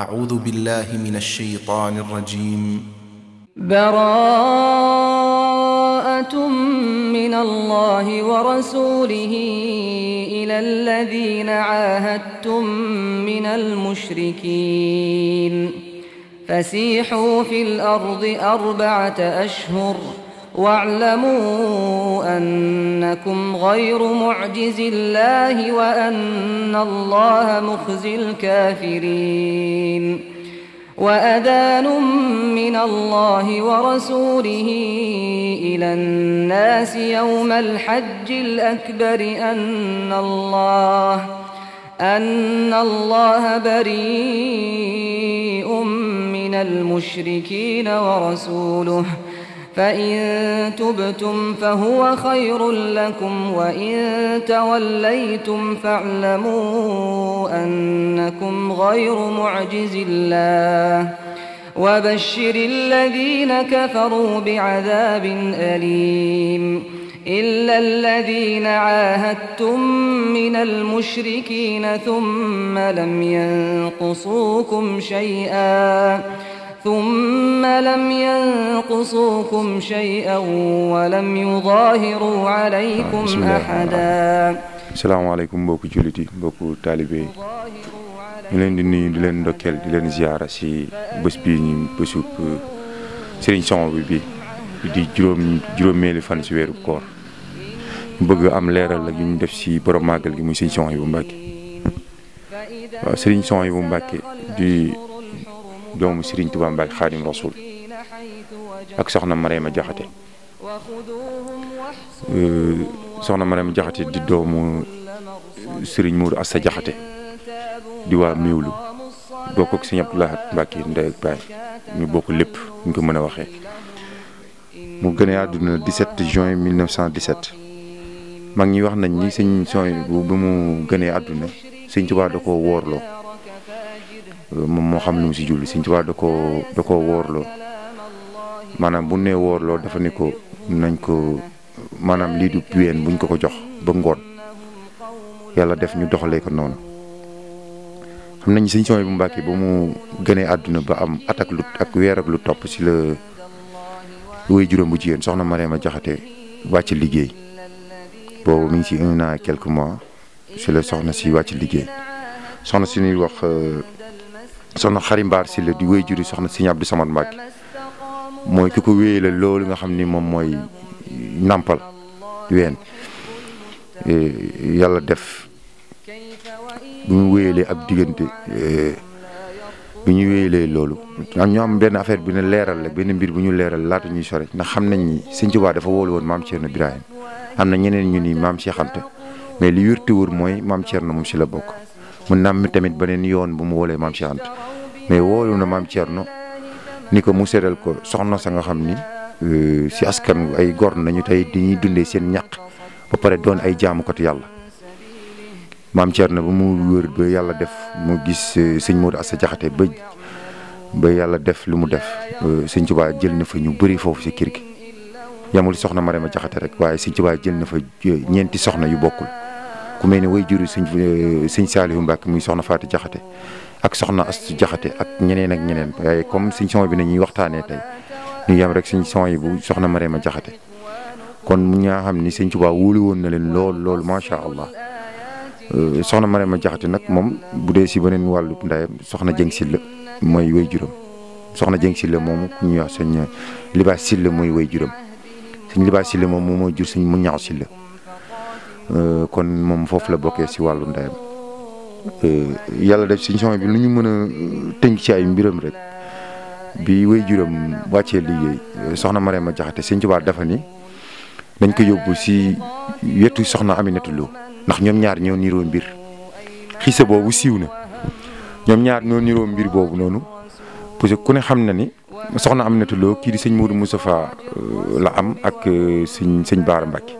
أعوذ بالله من الشيطان الرجيم براءة من الله ورسوله إلى الذين عاهدتم من المشركين فسيحوا في الأرض أربعة أشهر واعلموا أنكم غير معجز الله وأن الله مخزي الكافرين وأذان من الله ورسوله إلى الناس يوم الحج الأكبر أن الله أن الله بريء من المشركين ورسوله ۖ فإن تبتم فهو خير لكم وإن توليتم فاعلموا أنكم غير معجز الله وبشر الذين كفروا بعذاب أليم إلا الذين عاهدتم من المشركين ثم لم ينقصوكم شيئا ثم لم ينقصوكم شيئا ولم يظاهروا عليكم أحدا salaamaaleykum mbokku jullit yi mbokku taalibe yi ñu leen di nuyu di leen ndokkeel di leen ziyaara si bés bii ñu bésub euh, Serigne Son bi bi di juróom juróomeeli fan si weeru koor ñu bëgg am leeral la ñu def si borom màggal gi muy Serigne Son bu Mbàkke waaw Serigne Son bu Mbàkke di doomu Serigne Touba Mbacké Xaadim Rasul ak soxna Marema Jaxate euh, soxna Marema Jaxate di doomu Serigne Mourou Assa Jaxate di waa Miwlu bokk ak Serigne Abdoulaye Mbacké ndey ak baay ñu bokk lépp ñu ko mën a waxee mu gën a àdduna 17 juin 1917 mag ñi wax nañ ni sëñ bu mu gënee àdduna sëñ Tuubaa da ko wóorloo moom moo xam lu mu si jublu Sëñ Tuubaa da koo da koo wóorloo maanaam bu nee wóorloo dafa ko nañ ko maanaam lii du puween buñ ko ko jox ba ngoon yàlla def ñu doxalee ko noonu xam nañ Sëñ Suwaybu Mbàkke ba mu gënee àdduna ba am at ak lu ak weer lu topp si la woy juróom bu jigéen soxna Mariama Jaxate wàcc liggéey boobu mi ngi si un an quelques mois si la soxna si wàcc liggéey soxna si ñuy wax euh, soxna Xari Mbaar Sylla di wéy juri soxna Sëñ Abdou Samad Mbacke mooy ki ko wéyee la loolu nga xam ni moom mooy nàmpal ween e, yàlla def bu ñu wéyalee ab diggante e, bu ñu wéyalee loolu am ñoo am benn affaire bi ne leeral la benn mbir bu ñu leeral laata ñuy sore ndax xam nañ ni Sëñ Tuubaa dafa wóolu woon maam Thierno Birahim am na ñeneen ñu maam Cheikh Anta mais li wér te mooy maam Thierno moom si la bokk. mu nam mi tamit beneen yoon bu mu woolee maam Cheikh Anta mais woolu na maam Thierno ni ko mu seetal ko soxna sa nga xam ni euh, si askan ay gor nañu tey dañuy dundee seen ñaq ba pare doon ay jaamukatu yàlla maam Thierno ba mu wër ba yàlla def mu gis euh, sëñ Modou Assa Diakhaté ba ba yàlla def lu mu def euh, sëñ Tuubaa jël na fa ñu bëri foofu si kër gi yamul soxna Marema Diakhaté rek waaye sëñ Tuubaa jël na fa ñeenti soxna yu bokkul ku mel ne way juru sëñ eh, sëñ Saalihu Mbàkke muy soxna Faati Jaxate ak soxna Astu Jaxate ak ñeneen ak ñeneen waaye comme sëñ son bi na ñuy waxtaanee tey ñu yem rek sëñ son yi bu soxna Mariama Jaxate kon mu ñaa xam ni sëñ Tuubaa wóolu woon na leen lool loolu macha allah eh, soxna Mariama Jaxate nag moom bu dee si beneen wàllu ndayam soxna Jëng Silla mooy way juram soxna Jëng Silla moomu ku ñuy wax sëñ eh, Libaas Silla mooy way juram sëñ Libaas Silla moom moo jur sëñ mu ñaaw Silla Euh, kon moom foofu la bokkee si wàllu ndeyam euh, yàlla def si son bi lu ñu mën a euh, tënk ci ay mbiram rek bi way juram wàccee liggéey soxna Marème Jaxate Sëñ Tuubaa dafa ni dañ koy yóbbu si wetu soxna ami Aminata Lo ndax ñoom ñaar ñoo niroo mbir xiisa boobu siiw na ñoom ñaar ñoo niroo mbir boobu noonu parce que ku ne xam na ni soxna Aminata Lo kii di sëñ Mourou Moustapha la am ak sëñ sëñ Baara Mbacke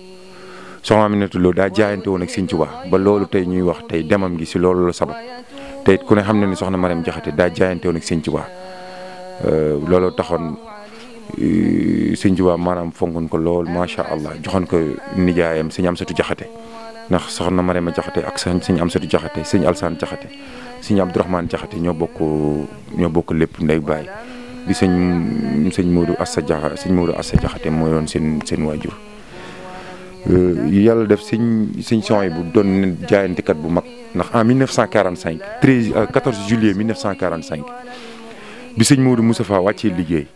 soxna Aminata Lo daa jaayante woon ak Sëñ Tuubaa ba loolu tey ñuy wax tey demam si loolu la sabab tey ku ne xam na ni soxna Mariam Jaxate daa jaayante woon ak Sëñ Tuubaa euh, looloo taxoon euh, Sëñ Tuubaa maanaam fonkoon ko lool macha allah joxoon ko nijaayam Sëñ Amsatu Jaxate ndax soxna Mariama Jaxate ak Sëñ Amsatu Jaxate Sëñ Alsaan Jaxate Sëñ Abdourahmaan Jaxate ñoo bokk ñoo bokk lépp ndey baay bi sëñ sëñ Modou Assa Jaxate sëñ Modou Assa Jaxate mooy doon seen seen waajur Euh, yàlla def sëñ sëñ son yi bu doon jaayantekat bu mag ndax en 1945 13 14 juillet 1945 bi sëñ Modou Moustapha wàccee liggéey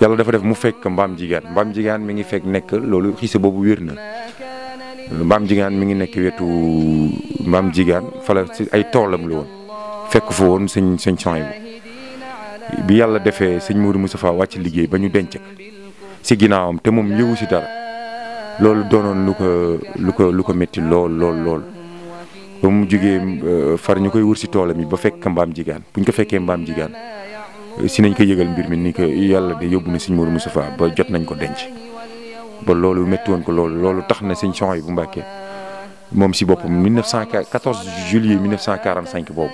yàlla dafa def mu fekk mbaam jigaan mbaam jigaan mi ngi fekk nekk loolu xiise boobu wér na mbaam jigaan mi ngi nekk wetu mbaam jigaan fala si ay toolam la woon fekk fa woon sëñ sëñ son yi bi yàlla defee sëñ Modou Moustapha wàcc liggéey ba ñu denc si ginnaawam te moom yëwu si dara. loolu doonoon lu ko lu ko lu ko métti lool lool lool ba mu jógee euh, far ñu koy wër si toolam yi ba fekk mbaam jigaan bu ñu ko fekkee mbaam jigaan si nañ ko yëgal mbir mi ni ko yàlla de yóbbu na sëñ Mourou Moustapha ba jot nañ ko denc ba loolu metti woon ko loolu loolu tax na sëñ Son yi bu Mbàkke moom si bopp mu boppam 1914 juillet 1945 boobu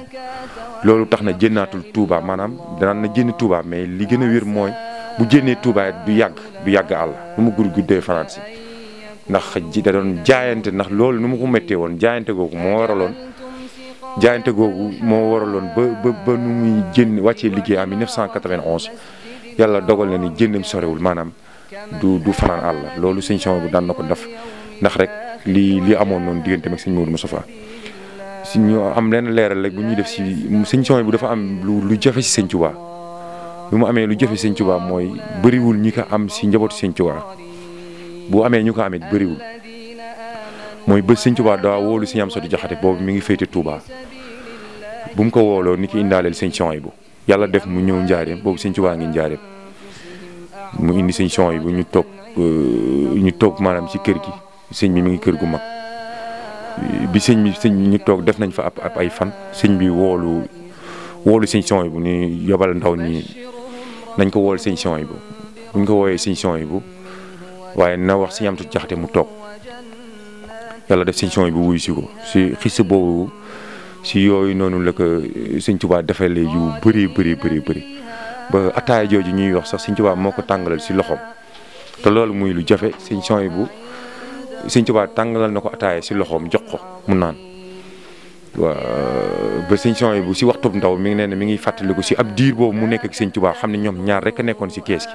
loolu tax na jënnaatul tuubaa maanaam danaan na jënn Touba mais li gën a wér mooy bu jënnee Touba du yàgg du yàgg àll lu mu gudd guddee fanaan si ndax ji da doon jaayante ndax loolu nu mu ko méttee woon jaayante googu moo waraloon jaayante googu moo waraloon ba ba ba nu muy génn wàccee liggéeyam 1991 yàlla dogal na ni génnam sorewul maanaam du du fanaan àll loolu sëñ Son bu daan na ko def ndax rek li li amoon noonu diggante ak sëñ Modou Moustapha si ñu am leen leeral rek bu ñuy def si sëñ Son bu dafa am lu lu jafe si sëñ Tuubaa bi mu amee lu jafe si sëñ Tuubaa mooy bëriwul ñi ko am si njabootu sëñ Tuubaa bu amee ñu ko amee bëriwul mooy bés Sëñ Tuubaa daa wóolu Sëñ Amsatu Jaxate boobu mi ngi féete Touba bu mu ko wooloo ni ki indaaleel Sëñ Suwaybu yàlla def mu ñëw njaareem boobu Sëñ ngi njaareem mu indi Sëñ Suwaybu ñu toog euh, ñu toog maanaam ci kër gi sëñ bi mi ngi kër gu mag bi sëñ bi sëñ ñu toog def nañ fa ab ab ay fan sëñ bi woolu woolu Sëñ bu ni yobal ndaw ñi nañ ko wool Sëñ Suwaybu buñ ko wooyee Sëñ Suwaybu waaye na wax si tu jaxate mu toog yàlla def sëñ Suhaybu bi wuyu si ko si xis boobu si yooyu noonu la ko eh, sëñ Tuubaa defalee yu bëri bëri bëri ba ataaya jooju ñuy wax sax sëñ Tuubaa moo ko tàngalal si loxoom te loolu muy lu jafe sëñ Suhaybu bu sëñ Tuubaa tàngalal na ko ataaya si loxoom jox ko mu naan waaw ba sëñ Suhaybu bu si waxtu ndaw mi ngi ne ne ngi fàttaliku si ab diir mu nekk ak sëñ Tuubaa xam ne ñoom ñaar rek a nekkoon si kees gi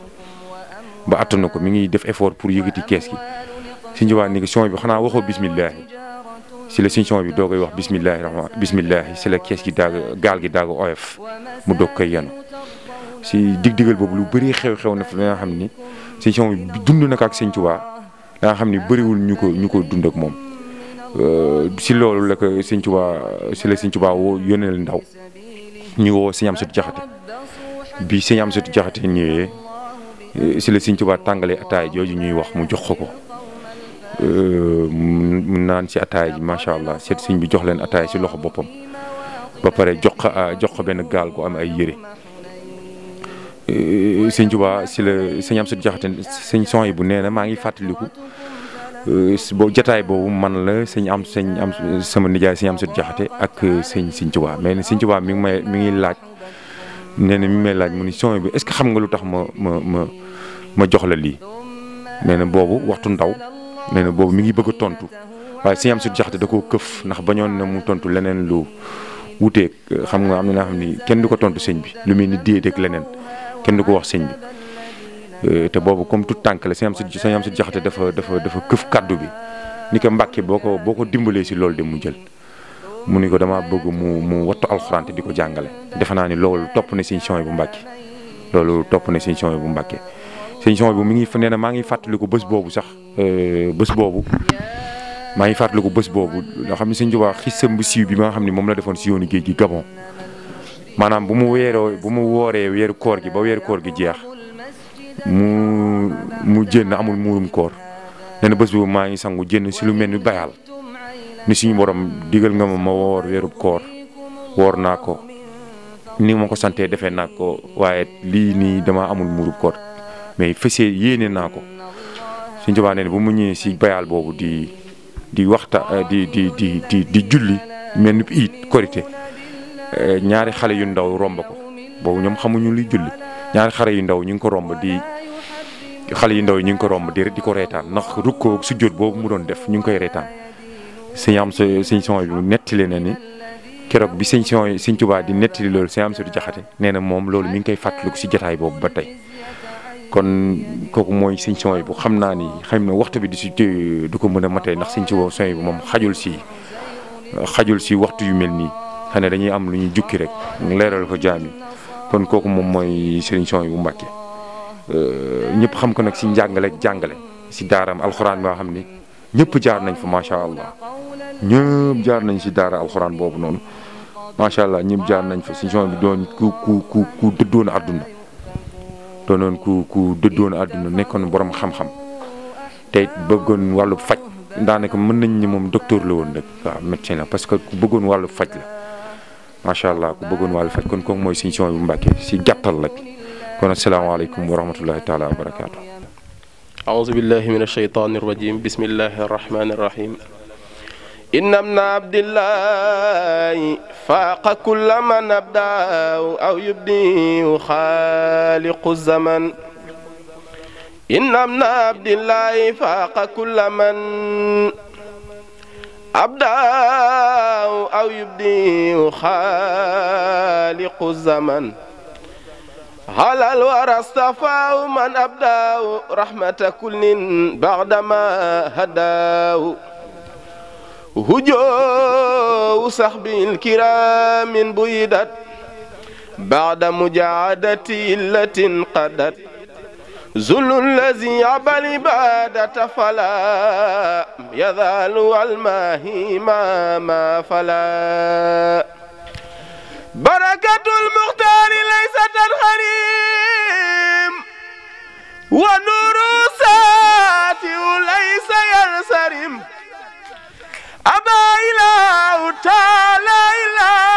ba attanu ko mi ngi def effort pour yëkkati kees gi suñ jubaa ni ko son bi xanaa waxoo bismillahi si la suñ son bi doo koy wax bismillahi rahman bismillahi si la kees gi daaga gaal gi daaga oyof mu doog koy yenu si boobu lu bëri xew-xew na fi nga xam ni suñ bi dund na ak suñ tubaa xam ni bëriwul ñu ko ñu ko dund ak moom euh, si loolu la ko suñ tubaa si la suñ tubaa woo yónneel jaxate bi suñ Eh, si la Sëñ Tuubaa tàngalee ataay jooju ñuy wax mu jox ko ko eh, mu naan si ataay ji macha allah seet sëñ bi jox leen ataay si loxo boppam ba pare jox ah, jox ko benn gaal gu am ay yére eh, Sëñ Tuubaa si la sëñ am sa jaxate sëñ son yi bu nee na maa ngi fàttaliku boo jataay boobu man la sëñ am sëñ am sama nijaay sëñ am sa jaxate ak sëñ Sëñ Tuubaa mais ne Sëñ Tuubaa mi ngi may mi ngi laaj. nee na mi may laaj mu ni son bi est-ce que xam nga lu tax ma ma ma ma jox la lii nee na boobu waxtu ndaw nee na boobu mi ngi bëgg a tontu waaye si am su jaxte da koo këf ndax bañoon na mu tontu leneen lu wuteeg xam nga am na naa xam ni kenn du ko tontu sëñ bi lu mel ni déedéeg leneen kenn du ko wax sëñ bi euh, te boobu comme tout tànk la si am su si am dafa dafa dafa këf kàddu bi ni ko mbàkke boo ko boo ko dimbalee si loolu de mu jël. mu ni ko dama bëgg mu mu wattu alxuraan te di ko jàngale defe naa ni loolu topp na sëñ Suhaybu Mbàkke loolu topp na bu Suhaybu Mbàkke sëñ bu mi ngi nee na maa ngi fàttaliku bés boobu sax euh, bés boobu maa ngi fàttaliku bés boobu nga xam ne sëñ Tuubaa xisam bu siiw bi ma nga xam ne moom la defoon si yoonu géej gi Gabon maanaam bu mu weeroo bu mu wooree weeru koor gi ba weeru koor gi jeex mu mu jënn amul muurum koor nee na bés boobu maa ngi sangu jënn si lu mel bayal ni suñu borom digal nga ma ma woor weerub koor woor naa ko ni ma ko santee defee naa ko waaye lii nii dama amul muurub koor mais fësee yéene naa ko suñ tubaa nee bu mu ñëwee si bayaal boobu di di waxta di di di di di julli mel ni iit korité eh, ñaari xale yu ndaw romb ko boobu ñoom xamuñu luy julli ñaari xale yu ndaw ñu ngi ko romb di xale yu ndaw ñu ngi ko romb di di ko reetaan ndax rukkoo sujjóot boobu mu doon def ñu ngi koy reetaan sëñ am sa sëñ son bi nettali na ni keroog bi sëñ son sëñ Tuubaa di nettali loolu sëñ am nee na moom loolu mi ngi koy fàttaliku si jotaay boobu ba tey kon kooku mooy sëñ son bu xam naa ni xam na waxtu bi di si du ko mën a matee ndax sëñ Tuubaa son bu moom xajul si xajul si waxtu yu mel nii xanaa dañuy am lu ñuy jukki rek leeral ko jaam yi kon kooku moom mooy sëriñ son bu Mbàkke ñëpp xam ko nag si njàngale jàngale si daaram alxuraan boo xam ni ñëpp jaar nañ fa macha allah ñëpp jaar nañ si daara alxuraan boobu noonu macha allah ñëpp jaar nañ fa si zone bi doon ku ku ku ku dëddoon àdduna doonoon ku ku dëddoon àdduna nekkoon borom xam-xam te bëggoon wàllu faj daanaka mën nañ ni moom docteur la woon rek waaw parce que ku bëggoon wàllu faj la macha allah ku bëggoon wàllu faj kon kooku mooy si zone bu Mbàkke si gàttal rek kon asalaamaaleykum wa rahmatullahi taala wa barakaatu. أعوذ بالله من الشيطان الرجيم بسم الله الرحمن الرحيم إن ابن عبد الله فاق كل من أبدع أو يبدي خالق الزمن إن ابن عبد الله فاق كل من أبدع أو يبدي خالق الزمن على الورى اصطفاه من أبداه رحمة كل بعدما هداه هجو صحب الكرام بيدت بعد مجاعدة التي قدت ذل الذي عبى العبادة فلا يذال والماهي ما فلا بركة المختار ليست الغريم ونور ساتئ ليس ينسرم أبا إله تعالى إله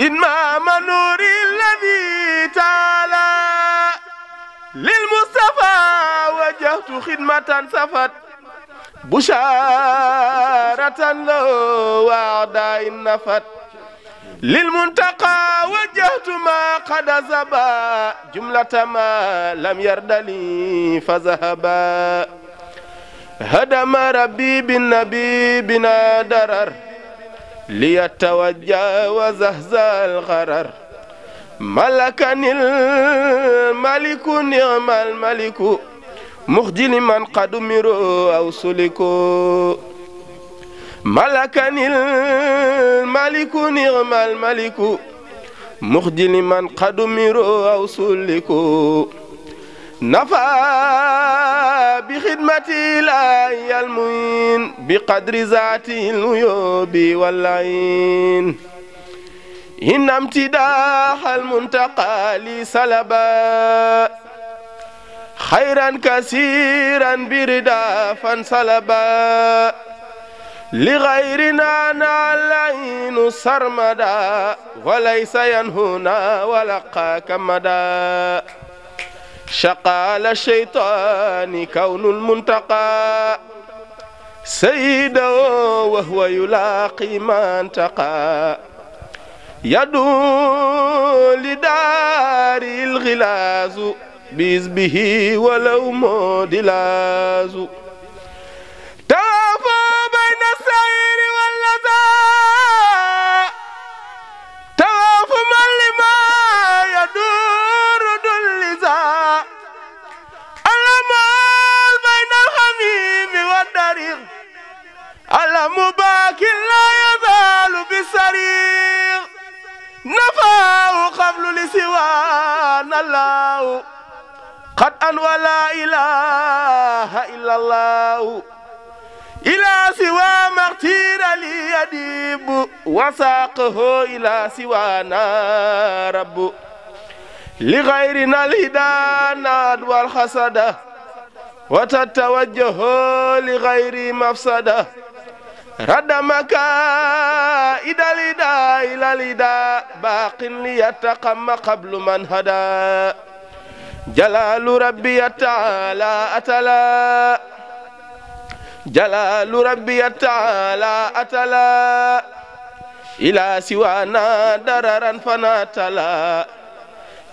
إمام نور الذي تعالى للمصطفى وجهت خدمة سفت بشارة له وعداء نفت للمنتقى وجهت ما قد زبا جملة ما لم يرد لي فذهبا هدم ربي بالنبي بنا درر ليتوجى وزهزى الغرر ملكني الملك نعم الملك مخجل من قد مروا أو سلكوا ملك الملك نغم الملك مخجل من قد مروا أو سلكوا نفى بخدمة إلهي المعين بقدر ذاته العيوب واللعين إن امتداح المنتقى سلبا خيرا كثيرا بردا فانسلبا لغيرنا نالين سرمدا وليس ينهنا ولقاك مدا شقال الشيطان كون المنتقى سيدا وهو يلاقي ما انتقى يدعو لدار الغلاز به ولو مدلاز توافوا بين السعير واللذا توافوا من لما يدور دلزا المال بين الحميم والدريق المباك لا يزال بالسريق نفاه قبل لسوان الله قد أن ولا إله إلا الله إلى سوى مغتير لي يديب وساقه إلى سوانا رب لغيرنا الهدانا والحسد وتتوجه لغير مفسده رد مكائد لدا إلى لدا باق ليتقم قبل من هدى جلال ربي تعالى أتلا جلال ربي تعالى أتلا إلى سوانا دررا فناتلا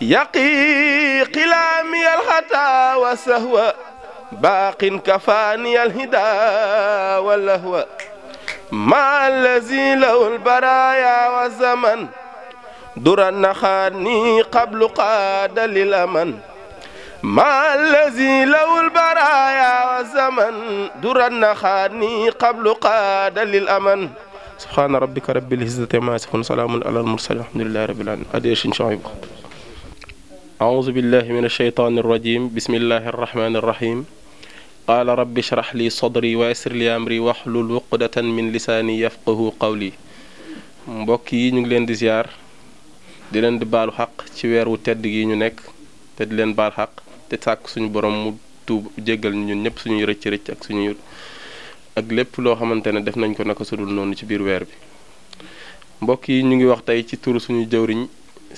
يقي قلامي الخطا والسهوى باق كفاني الهدى واللهوى ما الذي له البرايا والزمن درا نخاني قبل قاد للأمن ما الذي لو البرايا والزمن درن خاني قبل قاد للأمن سبحان ربك رب العزة عما يصفون سلام على المرسلين الحمد لله رب العالمين أدي شعيب أعوذ بالله من الشيطان الرجيم بسم الله الرحمن الرحيم قال رب اشرح لي صدري ويسر لي أمري واحلل عقدة من لساني يفقه قولي mbokk yi ñu ngi leen di ziar di leen di baalu xaq ci weer wu tedd gi ñu nekk te di leen baal xaq te sàkk suñu borom mu tuub jéggal ñu ñun ñëpp suñuy rëcc rëcc ak suñuy ak lépp loo xamante ne def nañ ko naka sudul noonu ci biir weer bi mbokk yi ñu ngi wax tey ci turu suñu jëwriñ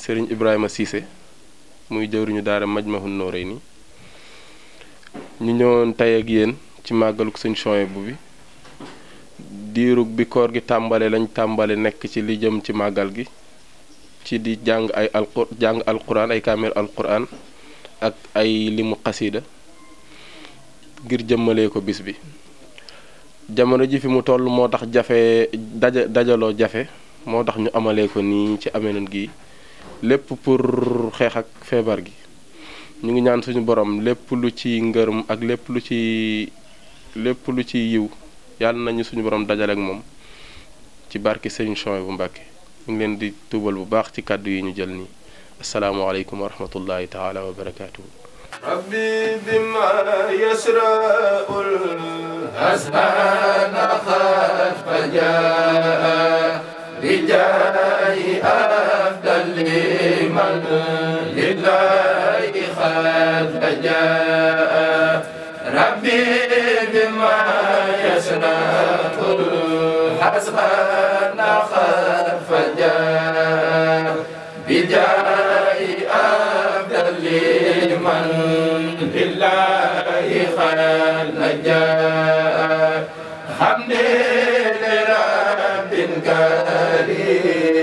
sëriñ Ibrahima Cissé muy jëwriñu daara Majmahun nii ñu ñëwoon tey ak yéen ci màggaluk sëñ Souhaïbou bi diirug bi koor gi tàmbale lañ tàmbale nekk ci li jëm ci màggal gi ci di jàng ay alqur jàng alquran ay kaamil alquran ak ay limu xasida ngir jëmmalee ko bis bi jamono ji fi mu toll moo tax jafe daja dajaloo jafe moo tax ñu amalee ko nii ci amelan gi lépp pour xeex ak feebar gi ñu ngi ñaan suñu borom lépp lu ci ngërëm ak lépp lu ci lépp lu ci yiw yàlla nañu suñu borom dajale ak moom ci barke Serigne Souhaïbou bu Mbàkke ñu ngi leen di tuubal bu baax ci kàddu yi ñu jël nii السلام عليكم ورحمة الله تعالى وبركاته ربي بما يسرى الأزهان خاف فجاء لجاي أفضل لمن لله خاف فجاء ربي بما يسرى الأزهان خاف فجاء لجاء حمد لرب كريم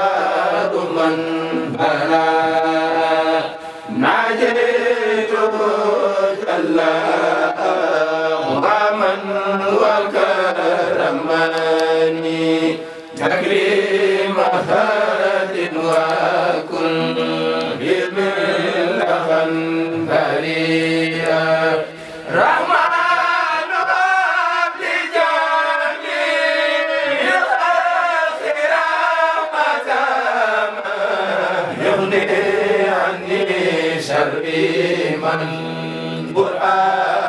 اغني عني شر من برآن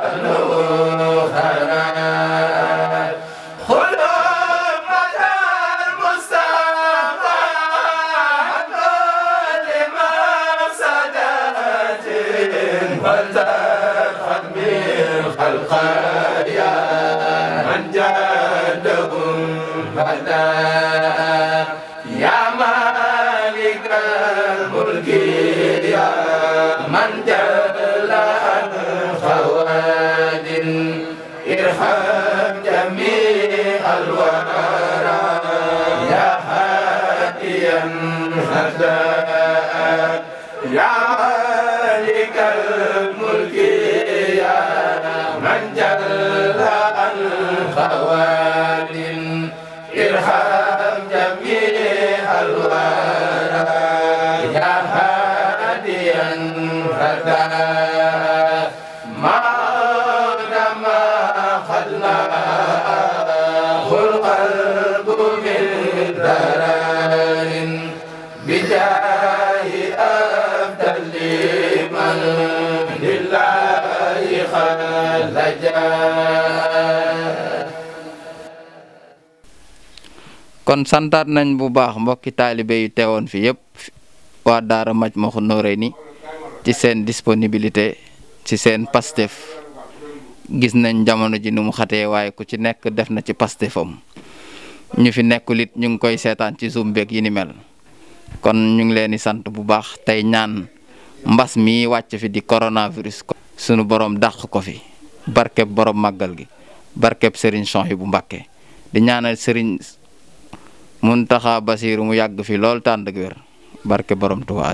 هاديا هدى kon santaat nañ bu baax mbokki taalibe yu teewoon fi yëpp waa daara Majmahun ni ci seen disponibilité ci seen pastef gis nañ jamono ji nu mu xatee waaye ku ci nekk def na ci pastefam ñu fi nekkul it ñu ngi koy seetaan ci zoom beeg yi ni mel kon ñu ngi leen di sant bu baax tey ñaan mbas mi wàcc fi di coronavirus sunu borom dàq ko fi barkeb borom màggal gi barkeb Serigne Sonhi bu Mbàkke di ñaanal Serigne Muntaxa Basiiru mu yàgg fi lool tànd ak wér barke borom Tuubaa